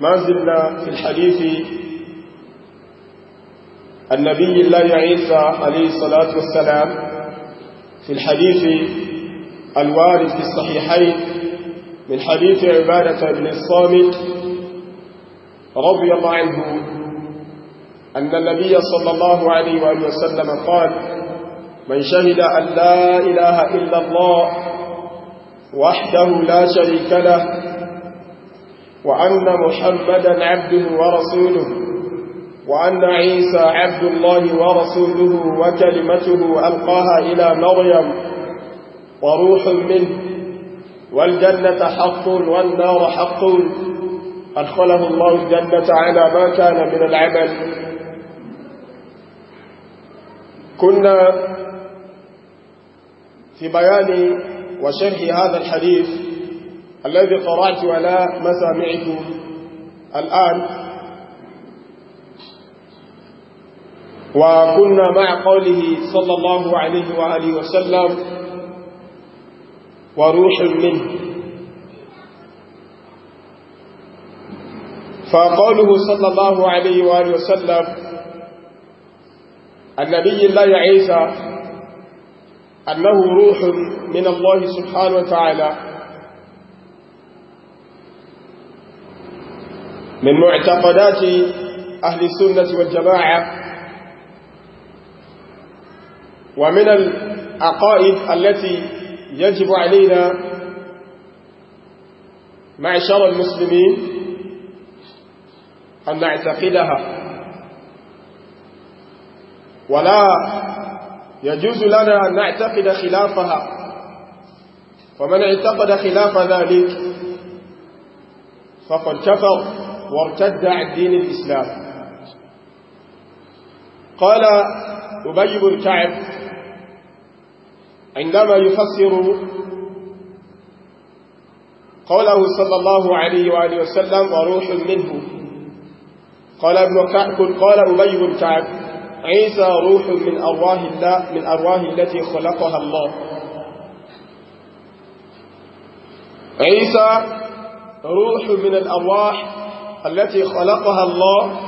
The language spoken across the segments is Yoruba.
ما زلنا في الحديث النبي الله عيسى عليه الصلاة والسلام في الحديث الوارد في الصحيحين من حديث عبادة بن الصامت رضي الله عنه أن النبي صلى الله عليه وآله وسلم قال من شهد أن لا إله إلا الله وحده لا شريك له وأن محمدا عبده ورسوله وأن عيسى عبد الله ورسوله وكلمته ألقاها إلى مريم وروح منه والجنة حق والنار حق أدخله الله الجنة على ما كان من العمل كنا في بيان وشرح هذا الحديث الذي قرأت على مسامعكم الآن وكنا مع قوله صلى الله عليه وآله وسلم وروح منه فقوله صلى الله عليه وآله وسلم النبي الله عيسى أنه روح من الله سبحانه وتعالى من معتقدات أهل السنة والجماعة ومن العقائد التي يجب علينا معشر المسلمين أن نعتقدها ولا يجوز لنا أن نعتقد خلافها ومن اعتقد خلاف ذلك فقد كفر وارتد عن دين الإسلام قال أبي بن كعب عندما يفسر قوله صلى الله عليه وآله وسلم وروح منه قال ابن كعب قال أبي بن كعب عيسى روح من أرواح الله من أرواح التي خلقها الله عيسى روح من الأرواح التي خلقها الله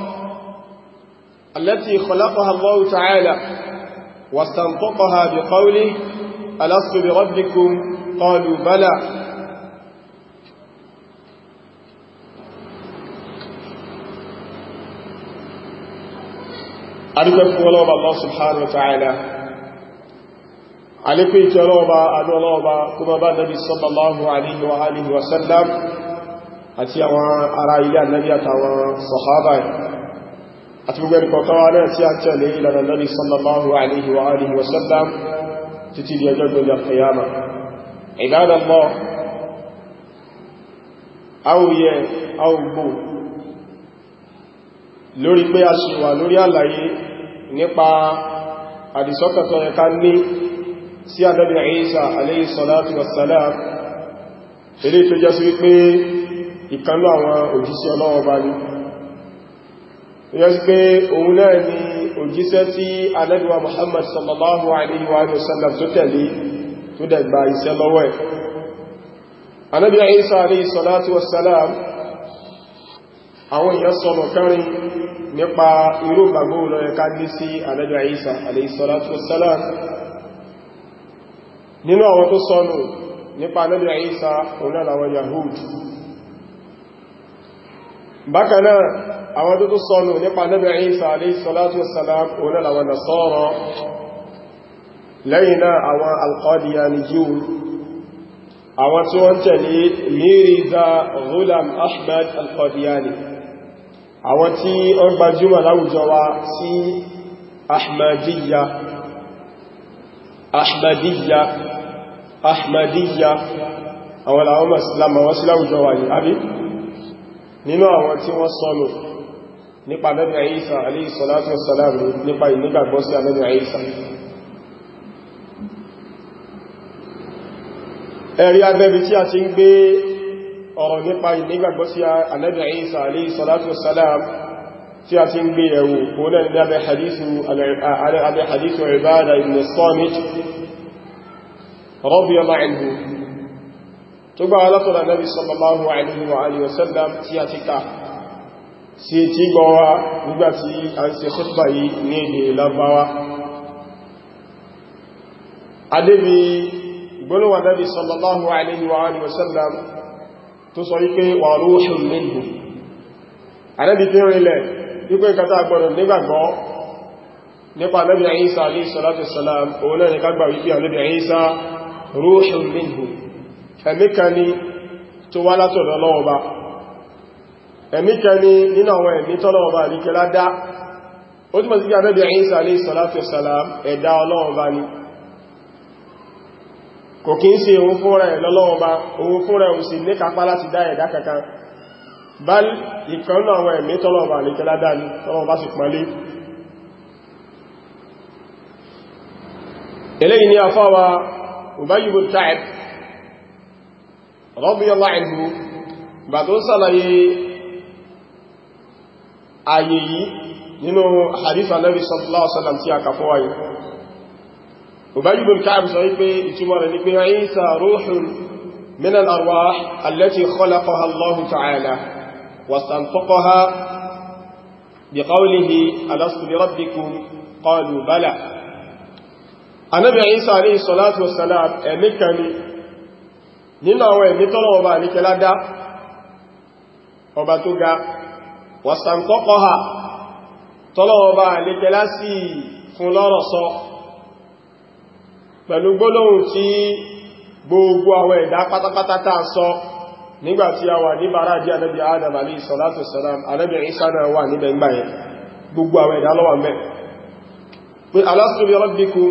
التي خلقها الله تعالى واستنطقها بقوله ألست بربكم قالوا بلى adúgbẹ́kún ọlọ́ọ̀bá Allah subhanahu wa ta'ala alékún ìkẹ́ ọlọ́ọ̀bá adú ọlọ́ọ̀bá kúmọ bá nabi sallallahu alaihi wa alihi wa sallam àti àwọn ará ilé annabi àtàwọn sahaba àti gbogbo ẹni kọ̀ọ̀kan wa náà tí a tẹ̀lé ìlànà lórí sallallahu alaihi wa alihi wa sallam títí di ọjọ́ gbogbo alfiyama ibadallah awuyẹ awugbo lórí pé a ṣe wà lórí àlàyé nípa ìkanlọ àwọn òjíṣẹ́ ọlọ́wọ́ bá ní yẹ́ sí pé òun náà ni òjíṣẹ́ tí alẹ́bíwa Muhammad sallallahu alaihi wa sallam tó tẹ̀lé tó dẹ̀gbà iṣẹ́ lọ́wọ́ ẹ̀ Ànábì Ìsá alaihi salatu wassalam àwọn èèyàn sọ̀rọ̀ kẹrin nípa irú gbàgbó lọ́yẹ bákanáà àwọn tó tó sọnù nípa Ànábì Ìsá alayhi salatu wassalam onílàwọn nasara lẹ́yìn náà àwọn alqadiyaniyun àwọn tí wọ́n tẹ̀lé Mirza Ghulam Ahmad alqadiyani àwọn tí ó gbajúmọ̀ láwùjọ wa sí ahmadiyya ahmadiyya ahmadiyya àwọn làwọn mọ̀sílámà sí láwùjọ wa yìí nínú àwọn tí wọ́n sọnù nípa nẹ́bẹ̀ àìsà aléìsọ̀láti ọ̀sọ̀lá nípa ìnígbàgbọ́ sí nẹ́bẹ̀ àìsà ẹ̀rí abẹ́bi tí a ti ń gbé ọ̀rọ̀ nípa ìnígbàgbọ́ sí nẹ́bẹ̀ àìsà aléìsọ̀láti ọ̀sọ̀lá tí a ti ń gbé ẹ̀wò òun náà ní abẹ́ hadithu ibada ibn samit tó gbá alátọ̀lá nábi sallallahu alaihi wa sallam tí a ti ká sí tí gbọ́wá nígbàtí a ń ṣe ṣúgbà yìí ní èdè lábáwá adébi gbọ́lọ́wà nábi sallallahu alaihi wa sallam tó sọ wípé wà rúhùn minhu adébi tí rìnlẹ̀ wípé kata gbọ́dọ̀ nígbàgbọ́ nípa nábi Isa alayhi salatu wassalam òun wípé nábi Isa rúhùn minhu ẹ̀mí kan ni tó wá látọ̀dọ̀ lọ́wọ́ bá ẹ̀mí kan ni nínú àwọn ẹ̀mí tọ́lọ́wọ́ bá rí kẹlá dá ó sí ànábì Ìsá ni kò kí ń ṣe òun fúnra ẹ̀ lọ́lọ́run bá òun fúnra òun sì ní kápá láti dá ẹ̀dá ni tọ́lọ́run bá sì pọ̀lé eléyìí ni afọ́wà Ubayy radiyallahu anhu bà tó sàlàyé ayé yìí nínú hadith Ànábì sallallahu alaihi wasallam tí a kà fún ayé Ubayy ibn Ka'b sọ wípé ìtumọ̀ rẹ̀ ní pé Isa ruhun min al-arwah allati بقوله ألست بربكم قالوا بلى النبي عيسى عليه الصلاة والسلام أمكني nínú àwọn ẹ̀mí tọ́lọ ọba àríkẹlá dá ọba tó ga wàsàntọ́kọ́ha tọ́lọ ọba àríkẹlá sí fún lọ́rọ̀ sọ pẹ̀lú gbólóhùn tí gbogbo àwọn ẹ̀dá pátápátá tá sọ nígbàtí a wà ní bàrá àjí Adam alayhi salatu wassalam ànábì Isa náà wà níbẹ̀ ń gbáyẹ gbogbo àwọn ẹ̀dá ló wà ńbẹ̀ pé alastu bi rabbikum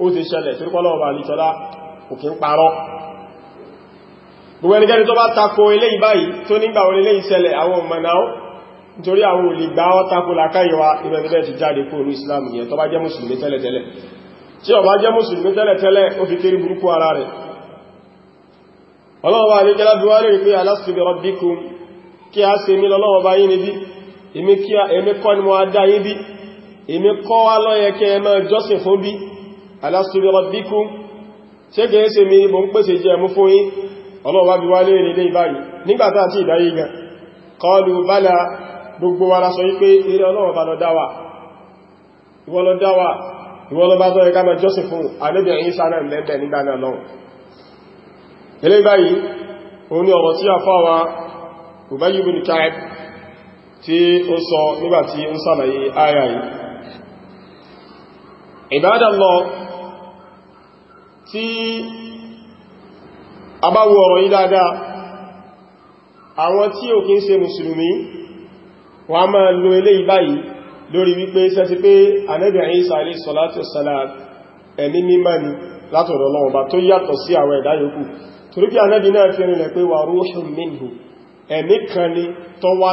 ó ti ṣẹlẹ̀ tó kọ́ lọ́wọ́ bá ní tọ́lá òkè ń parọ́ gbogbo ẹnikẹ́ni tó bá tako eléyìí báyìí tó nígbà wọn eléyìí ṣẹlẹ̀ àwọn mọ̀náwó nítorí àwọn olùgbà ọ́ tako làkáyíwa ìrẹ̀lẹ́bẹ̀ ti jáde kó olú Islam yẹn tó bá jẹ́ mùsùlùmí tẹ́lẹ̀tẹ́lẹ̀ tí ó bá jẹ́ mùsùlùmí tẹ́lẹ̀tẹ́lẹ̀ ó fi kéré burúkú ara rẹ̀ ọlọ́wọ́ bá alékẹ́lá bí wá lè pé alásìbẹ̀ rọ̀bíkú kí a se mí lọ́wọ́ bá yìí níbi èmi kọ́ ni mo adá yìí bí èmi kọ́ wá lọ́yẹ kẹ́ ẹ máa jọ́sìn fún bí alastu bi rabbikum ṣé ṣe mi mo ń pèsè jẹ mú fún yín ọlọ́wà bí wá léèrè lè báyìí nígbàtà àti ìdáyé gan qalu bala gbogbo wa lásọ wípé eré ọlọ́wà lọ dawa ìwọ lọ dáwà Ibadallah tí a bá wo ọ̀rọ̀ yìí dáadáa àwọn tí ò kí ń ṣe mùsùlùmí wọ́n a máa lo eléyìí báyìí lórí wípé sẹ́sí pé Ànábì Ìsá alayhi salatu wassalam ẹni mímọ́ ni látọ̀dọ̀ Ọlọ́run bá tó yàtọ̀ sí àwọn ẹ̀dá yòókù torí pé Ànábì náà fi rìnlẹ̀ pé wa ruhun minhu ẹ̀mí kan ni tó wá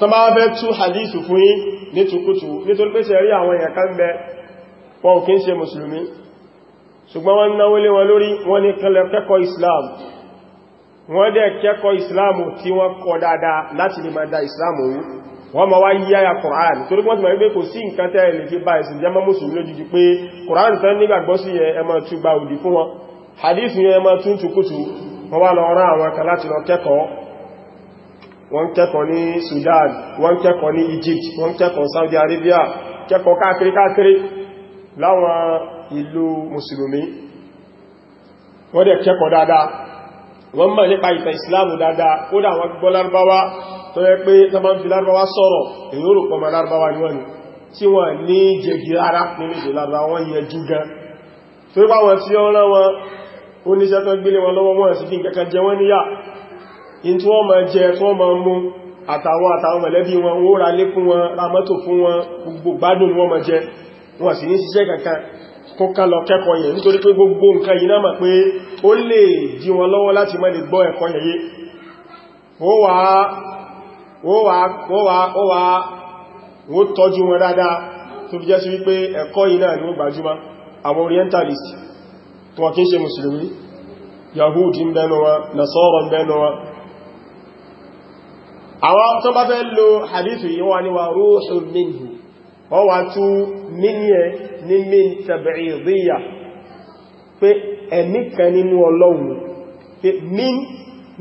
tó bá fẹ́ tú hadith fún yí nítòkútù nítorí pé sẹ̀rí àwọn èèyàn kan bẹ wọn kìí ṣe mùsùlùmí ṣùgbọ́n wọ́n náwó lé wọn lórí wọ́n ní kanlẹ̀ kẹ́kọ̀ọ́ islam wọ́n dẹ̀ kẹ́kọ̀ọ́ islam tí wọ́n kọ dáadáa láti lè máa da islam wọ́n ma wá yí Qur'an torí wọ́n ti máa wípé kò sí nǹkan tẹ́ Qur'an tán nígbàgbọ́ sí yẹn ẹ máa tún gba òdì fún wọn hadith yẹn ẹ máa wọ́n kẹ́kọ̀ọ́ ní Sudan wọ́n kẹ́kọ̀ọ́ ní Egypt wọ́n kẹ́kọ̀ọ́ Saudi Arabia kẹ́kọ̀ọ́ káàkiri káàkiri láwọn ìlú mùsùlùmí wọ́n dẹ̀ kẹ́kọ̀ọ́ dáadáa wọ́n mọ̀ nípa ìtàn ìsìláàmù dáadáa ó dà wọ́n gbọ́ lárúbáwá tó yẹ pé tọ́bá ń fi lárúbáwá sọ̀rọ̀ èyí ó ni wọ́n ni tí wọ́n ní jẹgi ara nínú ìjò lárúbáwá wọ́n yẹ jú gan tó yẹ in tí wọ́n ma jẹ tí wọ́n ma mú àtàwọn àtàwọn mẹ̀lẹ́bí wọn ó ra lé fún wọn ra mọ́tò fún wọn gbogbo gbádùn wọ́n ma jẹ wọ́n sì ní ṣiṣẹ́ kankan kó ká lọ kẹ́kọ̀ọ́ yẹn nítorí pé gbogbo nǹkan yìí náà mà pé ó lè dí wọn lọ́wọ́ láti má lè gbọ́ ni ó gbajúmọ̀ àwọn orientalist tó wà kí ń ṣe mùsùlùmí yahudi ń bẹnu àwọn tó bá fẹ́ lo hadithu yìí wà ní wà ruhun minhu wọ́n wà tú míníẹ̀ ní min tab'idiyya pé ẹ̀mí kan nínú ọlọ́run pé min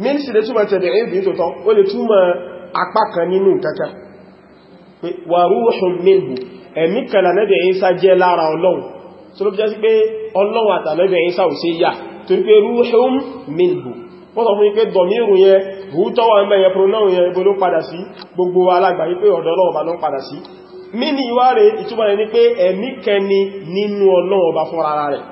min sí lè túnmọ̀ tab'idiyya tó tán ó lè túnmọ̀ apá kan nínú kaka pé wà ruhun minhu ẹ̀mí kan lànẹ́bì Ìsá jẹ́ lára ọlọ́run tó ló fi jẹ́ sí pé ọlọ́run hútọ́wà ń bẹ̀yẹn pronoun yẹn ibo ló padà sí gbogbo alágbàáyé pé ọ̀dọ̀ Ọlọ́run Ọba ló ń padà sí mí ní ìwá rẹ̀ ìtumọ̀ rẹ̀ ni pé ẹ̀mí kẹni nínú Ọlọ́run Ọba fún ara rẹ̀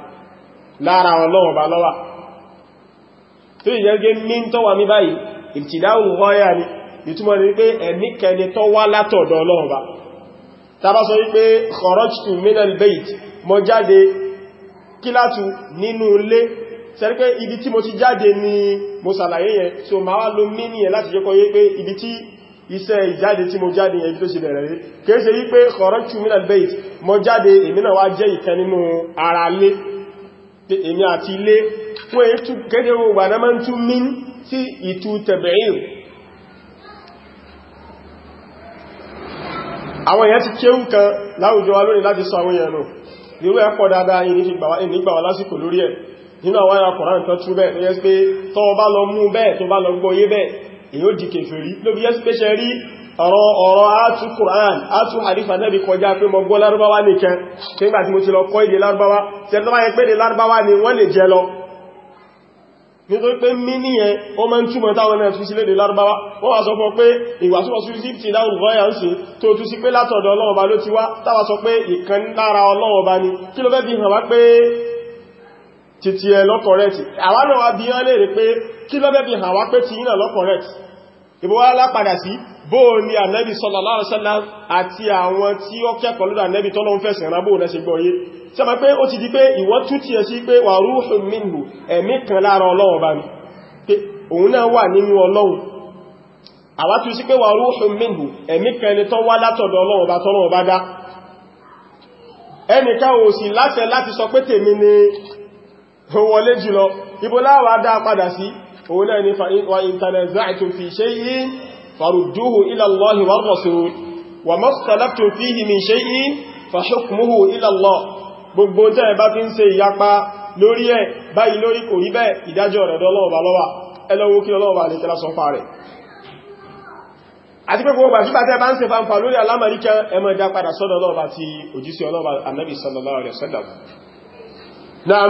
ni ìtumọ̀ rẹ̀ ni pé ẹ̀mí kẹni tó wá látọ̀dọ̀ Ọlọ́run Ọba tàbá sọ wípé kharajtu minal bayt sẹ́rí pé ibi tí mo ti jáde ni mo sàlàyé yẹn so ma wá lo mí ní ẹ̀ láti jẹ́kọ́ yé pé ibi tí iṣẹ́ ìjáde tí mo jáde yẹn tó ṣe bẹ̀rẹ̀ rí kìí ṣe wípé kharajtu minal bayt mo jáde èmi náà wá jẹ́ ìkan nínú ara lé èmi àti ilé fún ètù gẹ́gẹ́ wà náà máa ń tún mí sí lásìkò lórí ẹ̀ nínú àwọn ara kọ̀rán kan tú bẹ́ẹ̀ tó yẹ́ pé tó bá lọ mú bẹ́ẹ̀ tó bá lọ gbọ́yé bẹ́ẹ̀ èyí ó di kèfèrí ló bí yẹ́ pé ṣe rí ọ̀rọ̀ ọ̀rọ̀ átú kùrán átú àdífà nẹ́bí kọjá pé mo gbọ́ lárúbáwá nìkan tí ń gbà tí mo ti lọ kọ́ èdè lárúbáwá tí ẹ tó bá ni wọ́n lè jẹ lọ nítorí pé mí níyẹn ó máa ń túmọ̀ táwọn náà tún sí lédè lárúbáwá wọ́n wá sọ fún pé ìwà túnmọ̀ sí sí ti dáhùn rọ́yà ń sí tó tún sí pé látọ̀dọ̀ ọlọ́wọ̀ba ló ti títí ẹ lọ́kọ̀rẹ́tì àwa náà wá bí wọ́n lè rí pé kí lọ́bẹ́ bí hàn wá pé ti yínà lọ́kọ̀rẹ́tì ìbò wá lápadà sí bó ní ànẹ́bì sallallahu alaihi wasallam àti àwọn tí ó kẹ́kọ̀ọ́ lọ́dọ̀ ànẹ́bì tọ́lọ ń fẹ́sẹ̀ rán bó ní ṣe gbọ́yé tí a máa pé ó ti di pé ìwọ́n tú ti ẹ̀ sí pé wà ruhun minhu ẹ̀mí kan lára ọlọ́run bá mi pé òun náà wà nínú ọlọ́run àwa tú sí pé wà ruhun minhu ẹ̀mí kan ẹni tó wá látọ̀dọ̀ ọlọ́run bá tọ́lọ́run bá wọlé jùlọ ibo láwà dá padà sí òun náà ni wa in tanaza'tum fi shay'in farudduhu ila Allahi wa rasul wa makhtalaftum fihi min shay'in fa hukmuhu ila Allah gbogbo tẹ́ bá fi ń ṣe ìyapa lórí ẹ̀ báyìí lórí kò rí bẹ́ẹ̀ ìdájọ́ rẹ̀ dọ́lọ́ọ̀bà lọ́wà ẹlọ́wọ́ kí ọlọ́ọ̀bà lè tẹ́lá sọ fà rẹ̀ àti pé gbogbo àṣípà tẹ́ bá ń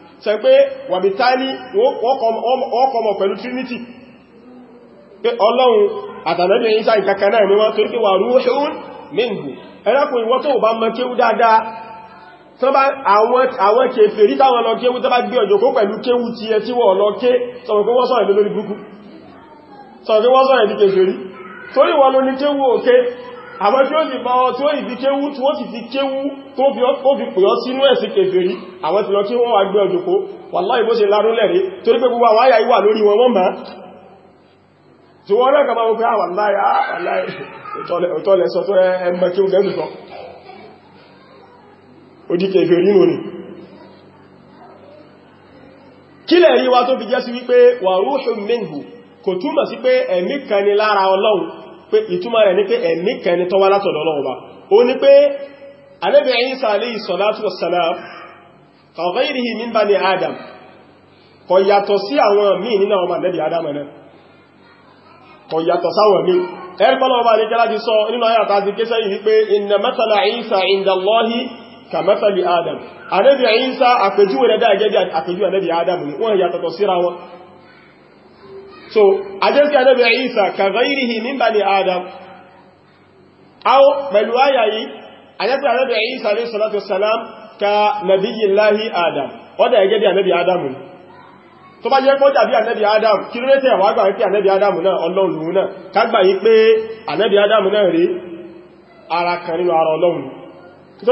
sọ pé wàbítálí ọkọ̀mọ̀ pẹ̀lú trinity pé ọlọ́run àtànàbí ìsá ìkankan náà ni wọ́n torí pé wà rúhún minhu ẹlẹ́kùn ìwọ́n tó bá mọ̀ kéwú dáadáa àwọn kèfèrí táwọn lọ kéwú tó bá gbé ọjọ́ kó pẹ̀lú kéwú ti ẹ tí àwọn tí ó sì bá ọ tí ó ìfi kéwú tí ó sì fi kéwú tó fi pè ọ sínú ẹ̀sìn kèfèrí àwọn tí lọ kí wọ́n wà gbé ọjọ́kó wàláhì bó ṣe lárún lẹ́rí torí pé gbogbo àwọn àyà ìwà lórí wọn wọ́n máa tí wọ́n rẹ̀ kàbá wọ́pẹ́ àwọn láyé ọ̀tọ́lẹ̀ sọ tó ẹmọ kí ó gẹ́sù sọ ó di kèfèrí nù ni kí lẹ̀ rí wa tó fi jẹ́ sí wípé wà rúhùn minhu kò túmọ̀ sí pé ẹ̀mí kan ni lára Ọlọ́run pé ìtumọ̀ rẹ̀ ní pé ẹ̀mí kẹni tọ́wá látọ̀dọ̀ Ọlọ́run Ọba ó ní pé Ànábì Ìsá alayhi salatu wassalam ka ghayrihi min bani Adam kò yàtọ̀ sí àwọn míì nínú àwọn Ànábì Adam náà kò yàtọ̀ sáwọn míì ẹ̀rùpọ̀lọ́ ọba ní kẹ́lá ti sọ nínú ayàtà ti kéṣẹ́ yìí pé inna so ajẹ́sí anábi Isa kàgáyìrìhì min bani adam aw pẹ̀lú àyà yìí ajẹ́sí anábi Isa alayhi salatu wassalam ka nabiyyillahi adam ọdá ẹgẹ́ bí anábi adam ni tó bá jẹ́ pọ́jà bí anábi adam kí ló rẹ́tẹ̀ wà gbà pé anábi adam náà ọlọ́run lòun náà kágbà yí pé anábi adam náà rí ara kan nínú ara ọlọ́run tó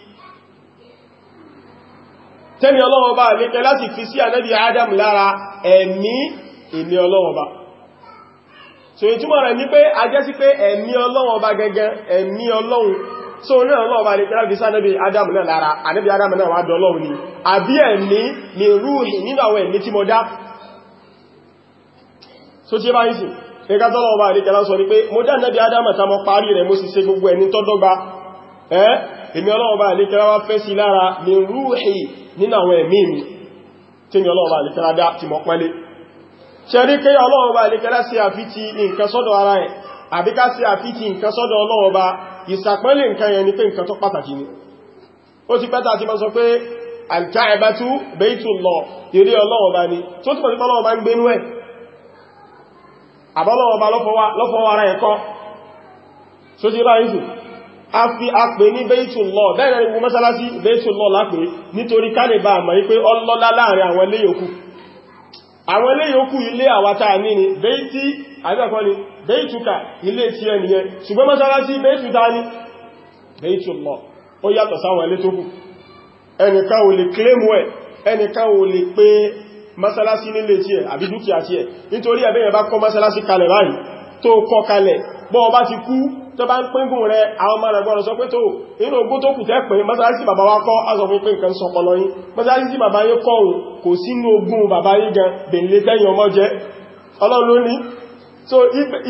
tẹ́mi ọlọ́wọ́n bá lékẹ́ láti fi sí ànábì Adam lára ẹ̀mí ìní ọlọ́wọ́n so ìtumọ̀ rẹ̀ ní pé a jẹ́ sí pé ẹ̀mí ọlọ́wọ́n gẹ́gẹ́ ẹ̀mí ọlọ́run so ní ọlọ́wọ́n bá lékẹ́ láti sí ànábì Adam náà lára ànábì Adam náà wà ni àbí ẹ̀mí ni rúùlì so tí bá ń sì ẹgá tọ́lọ́wọ́n bá lékẹ́ láti sọ ní pé mo dá ànábì Adam ta mo parí èmi ọlọ́run bá lè kẹ́lá wá fẹ́ sí lára ní rúhì nínú àwọn ẹ̀mí mi tí mi bá dá ti mọ̀ pẹ́lé ṣẹ́rí kí ọlọ́run bá lè kẹ́lá sí àfíti nǹkan sọ́dọ̀ ara ẹ̀ àbí sí àfíti nǹkan sọ́dọ̀ ọlọ́run bá ìsàpẹ́lẹ̀ nǹkan yẹn ni pé ni ti ti sọ a fi apè ní Baytullah bẹ́ẹ̀ ni gbogbo mọ́sálásí Baytullah lápè nítorí kálẹ̀bà àmà yí pé ọlọ́lá láàrin àwọn ilé yòókù àwọn ilé yòókù ilé àwátá ní ni Bayti àgbẹ̀kọ́ ni Baytuka ilé tí ẹ nìyẹn ṣùgbọ́n mọ́sálásí Baytuta ní Baytullah ó yàtọ̀ sáwọn ilé tó kù ẹnìkan ò claim ẹ̀ ẹnìkan ò lè pé mọ́sálásí nílé tí ẹ̀ àbí dúkìá tí ẹ̀ nítorí ẹ̀bẹ̀yẹn bá kọ́ mọ́sálásí kalẹ̀ báyìí tó kọ́ kalẹ̀ bọ́ ọba ti kú tó bá ń pínkùn rẹ àwọn ọmọ rẹ̀ sọ pé tó inú ogún tó kù tẹ́pẹ̀ mọ́sálásí bàbá wá kọ́ azọ̀fún pé nǹkan sọ yìí mọ́sálásí bàbá yóò kọ́ òun kò sínú ogún bàbá yìí gan bèèlè tẹ́yìn ọmọ jẹ́ so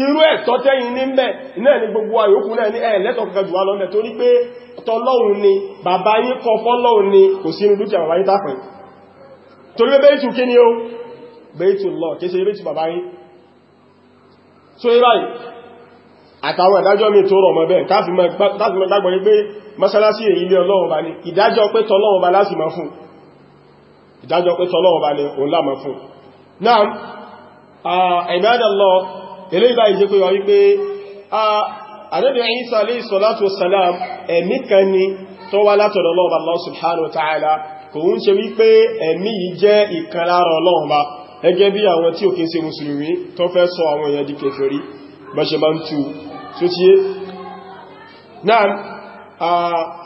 irú ẹ̀tọ́ tẹ́yìn ní mẹ́ náà ni gbogbo àyókù náà ní ẹ̀lẹ́tọ̀ kankan àtàwọn ìdájọ́ mi tó rọ̀ mọ́ bẹ́ẹ̀ káàfì mọ́ dágbọ́ ní pé mọ́sálásí èyí ilé Ọlọ́run bá ní ìdájọ́ pé tọ́lọ́run bá láti mọ́ fún ìdájọ́ pé tọ́lọ́run bá ní òun lámọ́ fún náà ìbádàlọ́ ilé ìbá ìjẹ́ pé wọ́n wípé àdẹ́bẹ̀ Ìsá alayhi salatu wassalam ẹ̀mí kan ni tó wá látọ̀dọ̀ Ọlọ́run Allah subhanahu wa ta'ala kò ń ṣe wípé ẹ̀mí yìí bá ṣe bá ń tú tí ó ti yé náà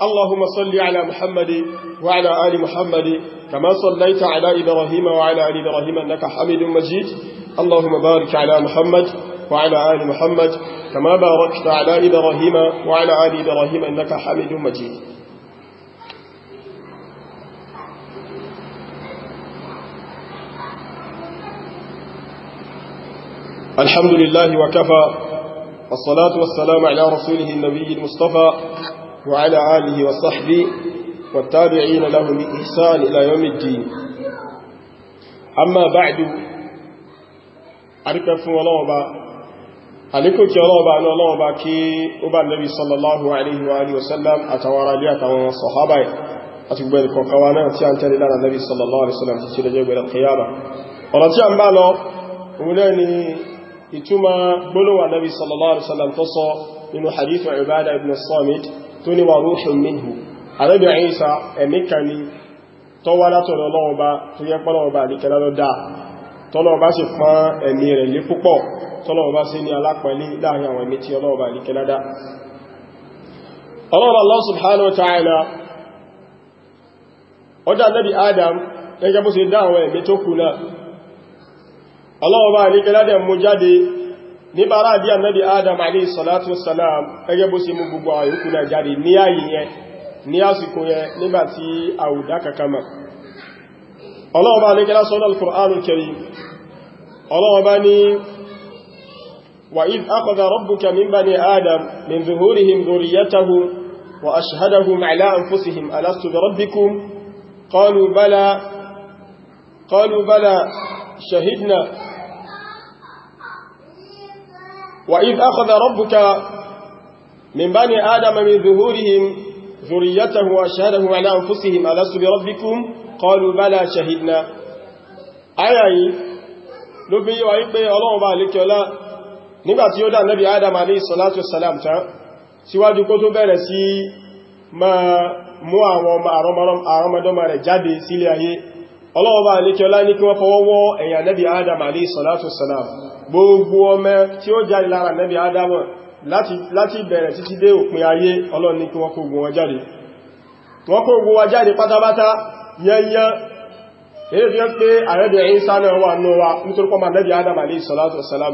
allahumma salli ala muhammadi wa ala ali muhammadi kama sallaita ala ibrahima wa ala ali ibrahima innaka hamidun majid allahumma barik ala muhammad wa ala ali muhammad kama barakta ala ibrahima wa ala ali ibrahima innaka hamidun majid الحمد لله وكفى والصلاة والسلام على رسوله النبي المصطفى وعلى آله وصحبه والتابعين له بإحسان إلى يوم الدين أما بعد أركف ولوبا àlékò kí ọlọ́ọ̀bá ní ọlọ́ọ̀bá kí ó bá nẹ́bí sallallahu alaihi wa alihi wasallam àtàwàrà lé àtàwọn sọ̀hábà àti gbẹ̀rẹ̀ kọ̀kọ̀wà náà tí a ń tẹ́lẹ̀ lára nẹ́bí sallallahu alaihi wasallam ti ṣe lẹ́jẹ́ gbẹ̀rẹ̀ kìyàmà ọ̀rọ̀ tí a ń bá lọ ìtumọ̀ gbólówà nabi sallallahu alaihi wasallam tó sọ nínú hadithu ibada ibn samit tó ní wà ruhun minhu arabi isa ẹ̀mí kan ni tó wá látọ̀rọ̀ lọ́wọ́ba tó yẹ pọ́lọ́wọ́ba àdíkẹ́lá lọ dáa tọ́lọ́wọ́ba sì pán ẹ̀mí rẹ̀ lé púpọ̀ tọ́lọ́wọ́ba sí ní alápẹ̀lé láàrin àwọn ẹ̀mí tí ọlọ́wọ́ba àdíkẹ́lá dá ọlọ́wọ́ ọlọ́wọ́ bá ní kẹlẹ́dẹ̀ mú jáde ní bára bí annabi adam alayhi salatu wassalam ẹgẹ́ bó sì mú gbogbo àyíkú náà jáde ní ààyè yẹn ní àsìkò yẹn nígbàtí àwùdá kakama ọlọ́wọ́ bá ní kẹlẹ́ sọ́nà al-Qur'anul Karim وإذ أخذ ربك من بني آدم من ظهورهم ذريته وأشهدهم على أنفسهم ألست بربكم قالوا بلى شهدنا ayayi ló bí yíwa wípé ọlọ́run bá lè kíọlá nígbàtí ó dá nẹ́bí adam alayhi salatu salam tán síwájú kó tó bẹ̀rẹ̀ sí máa mú àwọn ọmọ àrọmọdọ́mọ rẹ̀ jáde sílé ayé ọlọ́ọ̀bá alékiọlá ní kí wọ́n fọwọ́wọ́ ẹ̀yà nẹ́bí adam alayhi salatu salam gbogbo ọmọ tí ó jáde lára nẹ́bí adam láti bẹ̀rẹ̀ títí dé òpin ayé ọlọ́run ní kí wọ́n kó gbogbo wọn jáde wọ́n kó gbogbo wọn jáde pátápátá yẹnyẹn èyí fi ń pé àrẹ́bẹ̀ Ìsá náà wà nù wa nítorí pọ́mà nẹ́bí adam alayhi salatu salam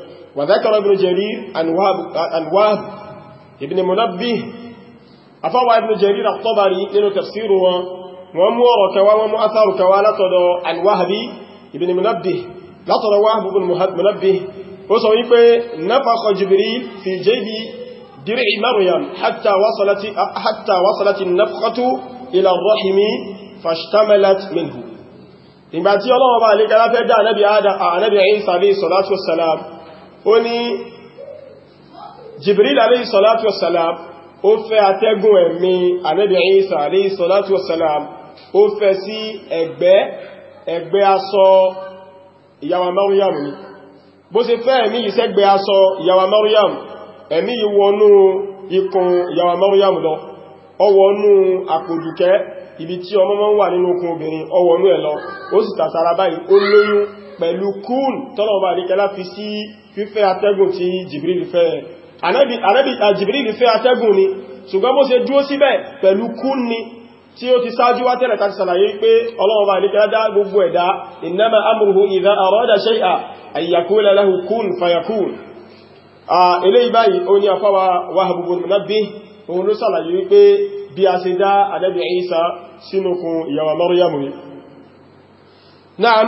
وذكر ابن جرير الوهب ابن منبه أفوى ابن جرير الطبري لأنه تفسيره ومورك ومؤثرك ولطد الوهبي ابن منبه لطد وهب بن منبه وصويب نفخ جبريل في جيب درع مريم حتى وصلت, حتى وصلت النفخة إلى الرحم فاشتملت منه إن باتي الله وبالك لا تدع نبي آدم نبي عيسى عليه الصلاة والسلام ó ní Jibril alayhi salatu wassalam ó fẹ́ atẹ́gùn ẹ̀mí Ànábì Isa alayhi salatu wassalam ó fẹ́ sí ẹ̀gbẹ́ ẹ̀gbẹ́ aṣọ ìyàwó Maryam ni bó ṣe fẹ́ ẹ̀mí yìí sẹ́gbẹ́ aṣọ ìyàwó Maryam ẹ̀mí yìí wọnú ikùn ìyàwó Maryam lọ ọwọ́nú àpòjùkẹ́ ibi tí ọmọ mọ́ wà nínú okùn obìnrin ọwọ́nú ẹ̀ lọ ó sì tàtàrà báyìí ó lóyún pẹ̀lú kún tọ́lọ̀ọ̀bá àríkẹ́lá fi sí fífẹ́ atẹ́gùn tí Jibril fẹ́ Ànábì Jibril fẹ́ atẹ́gùn ni ṣùgbọ́n bó ṣe dúó síbẹ̀ pẹ̀lú kún ni tí ó ti sáájú wá tẹ́lẹ̀ tàbí sàlàyé pé ọlọ́ọ̀bá àríkẹ́lá dá gbogbo ẹ̀dá innama amruhu idha arada shay'an an yaqula lahu kun fayakun eléyìí báyìí ó ní afọ́wà Wahb ibn Munabbih òun ló sàlàyé wípé bí a ṣe dá Ànábì Isa sínú kun ìyàwó Maryamu ni Naam,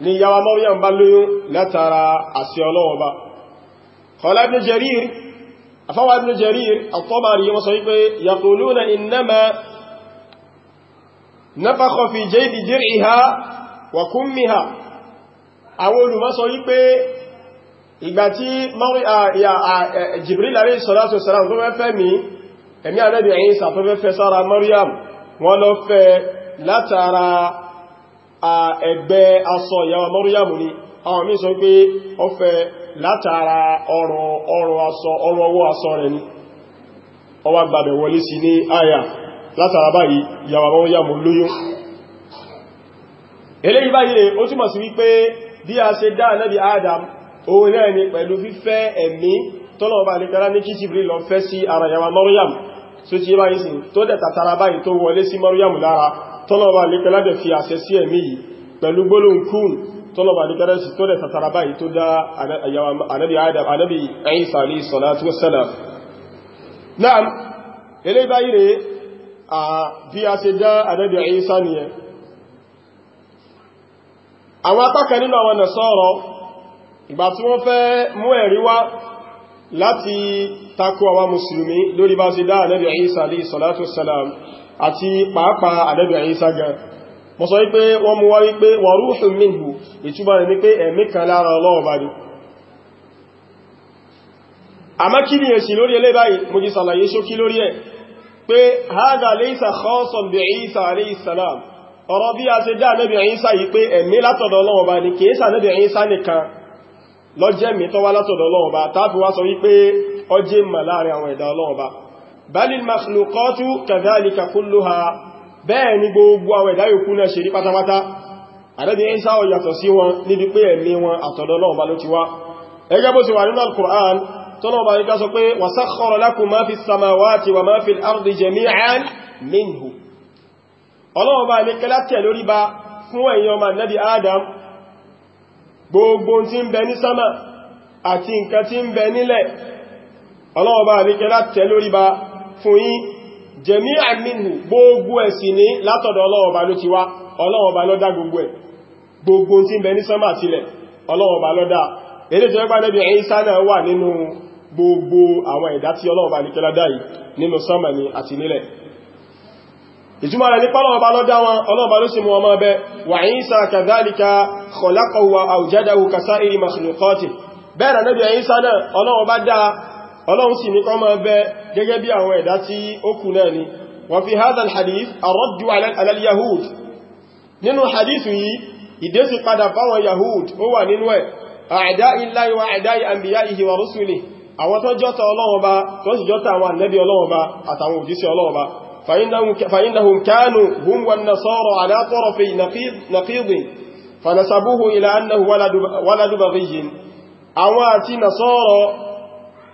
ni yawa maryam bá lóyún látara àṣẹ ọlọ́wọ́ bá kọlá ibn jarir afọ́wà ibn jarir at-tabari wọ́n sọ wípé yaquluna innama nafakha fi jaybi dir'iha wa kummiha àwọn olùmọ̀ sọ wípé ìgbà tí e, jibril alayhi salatu wassalam tó fẹ́ mi ẹ̀mí ẹgbẹ́ aṣọ ìyàwó mọ́ríyàmù ni àwọn mí sọ pé ó fẹ́ látara ọrùn aṣọ ọrùn ọwọ́ aṣọ rẹ̀ ni ó wá gbàbẹ̀ wọlé sí ní àyà látara báyìí ìyàwó mọ́ríyàmù lóyún eléyìí báyìí ó túmọ̀ sí wípé bí a ṣe dá Ànábì Adam òun náà ni pẹ̀lú fífẹ́ ẹ̀mí tọ́lọ̀ọba nìkẹ́lá ní kí Jibril lọ fẹ́ sí ara ìyàwó mọ́ríyàmù tó ti báyìí sí tó dẹ̀ tàtàrà báyìí tó wọlé sí mọ́ríyàmù lára tọ́lọ̀bà lékẹ́lá dẹ̀ fi àṣẹ sí ẹ̀mí yìí pẹ̀lú gbólóhùn kún tọ́lọ̀bà lékẹ́lá sí tó dẹ̀ tàtàrà báyìí tó dá ànábì Adam salatu wassalam náà ilé a ṣe dá ànábì Isa nìyẹn àwọn apákan nínú àwọn Nasara ìgbà tí wọ́n fẹ́ mú ẹ̀rí lórí bá ṣe dá ànábì Isa alayhi salatu wassalam àti pàápàá ànábì Ìsá gan mo sọ wípé wọ́n mú wá wípé wa ruhun minhu ìtúbà rẹ̀ ní pé ẹ̀mí kan lára Ọlọ́run bá ní àmá kí ni èsì lórí ẹlẹ́ báyìí mo jí sàlàyé ṣókí lórí ẹ̀ pé hadha laysa khassan bi Isa alayhi salam ọ̀rọ̀ bí a ṣe dá ànábì Ìsá yìí mi tọ́wá látọ̀dọ̀ Ọlọ́run tàbí wá sọ wípé ọjẹ́ mà láàrin àwọn ẹ̀dá Ọlọ́run balil makhluqatu kadhalika kulluha bẹ́ẹ̀ ni gbogbo àwọn ẹ̀dá yòókù náà ṣe rí pátápátá àdẹ́dẹ̀ Ìsá ó yàtọ̀ sí wọn níbi pé ẹ̀mí wọn àtọ̀dọ̀ Ọlọ́run bá ló ti wá ẹgbẹ́ bó ti wà nínú al-Qur'an tọ́lọ̀ bá ríká sọ pé wa sakhkhara lakum ma fi samawati wa ma fi fún yín jẹ̀mí àmìnù gbogbo ẹ̀ sì ní látọ̀dọ̀ ọlọ́ọ̀bá ló ti wá ọlọ́ọ̀bá ló dá gbogbo ẹ̀ gbogbo tí ń bẹ ní sánmà tilẹ̀ ọlọ́ọ̀bá ló dá èdè tó ẹgbà lẹ́bí Ìsá ni àti nílẹ̀ ìtumọ̀ rẹ̀ nípa ọlọ́ọ̀bá ló dá wọn ọlọ́ọ̀bá ló sì mú ọmọ ọbẹ̀ wà Ìsá wa awjadahu kasairi makhluqati bẹ́ẹ̀rẹ̀ lẹ́bí Ìsá náà ọlọ́ọ̀bá dá ọlọ́run sì ní kọ́ máa bẹ gẹ́gẹ́ bí àwọn ẹ̀dá tí ó kù náà ni wọ́n fi hadha al-hadith ar-raddu ala al-yahud nínú hadith yìí ìdésí padà fáwọn yahud ó wà nínú ẹ̀ a'da'illahi wa a'da'i anbiya'ihi wa rusulihi àwọn tó jọ́ta فإنهم كانوا هم والنصارى على طرف نقيض, نقيض فنسبوه إلى أنه ولد, ولد بغي àwọn àti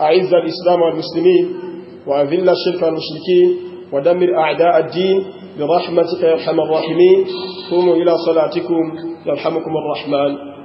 أعز الإسلام والمسلمين وأذل الشرك والمشركين ودمر أعداء الدين برحمتك يا أرحم الراحمين قوموا إلى صلاتكم يرحمكم الرحمن